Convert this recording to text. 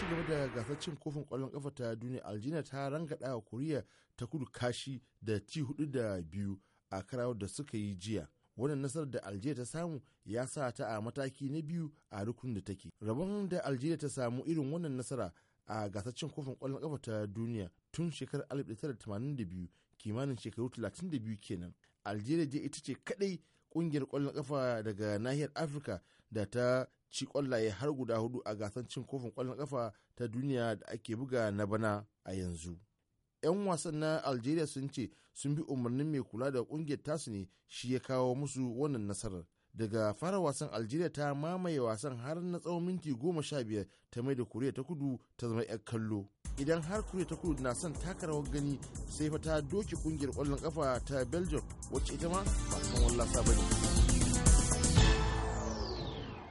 ci gaba da gasar cin kofin kwallon kafa ta duniya aljina ta rangada wa koriya ta kudu kashi da ci hudu da biyu a karawar da suka yi jiya wannan nasarar da aljiya ta samu ya sa ta a mataki na biyu a rukunin da take rabon da aljiya ta samu irin wannan nasara a gasar cin kofin kwallon kafa ta duniya tun shekarar 1982 kimanin shekaru 32 kenan algeria je ita ce kadai kungiyar kwallon kafa daga nahiyar afirka da ta ci kwallaye har guda hudu a gasar cin kofin kwallon kafa ta duniya da ake buga na bana a yanzu 'yan wasan na algeria sun ce sun bi umarnin mai kula da kungiyar tasu ne shi ya kawo musu wannan nasarar daga fara wasan algeria ta mamaye wasan har na tsawon minti goma sha biyar ta mai da koriya ta kudu ta zama 'yan kallo idan har kure ta kudu na son taka gani sai fa ta doke kungiyar kwallon kafa ta belgium wacce ita ma ba san wallasa ba ne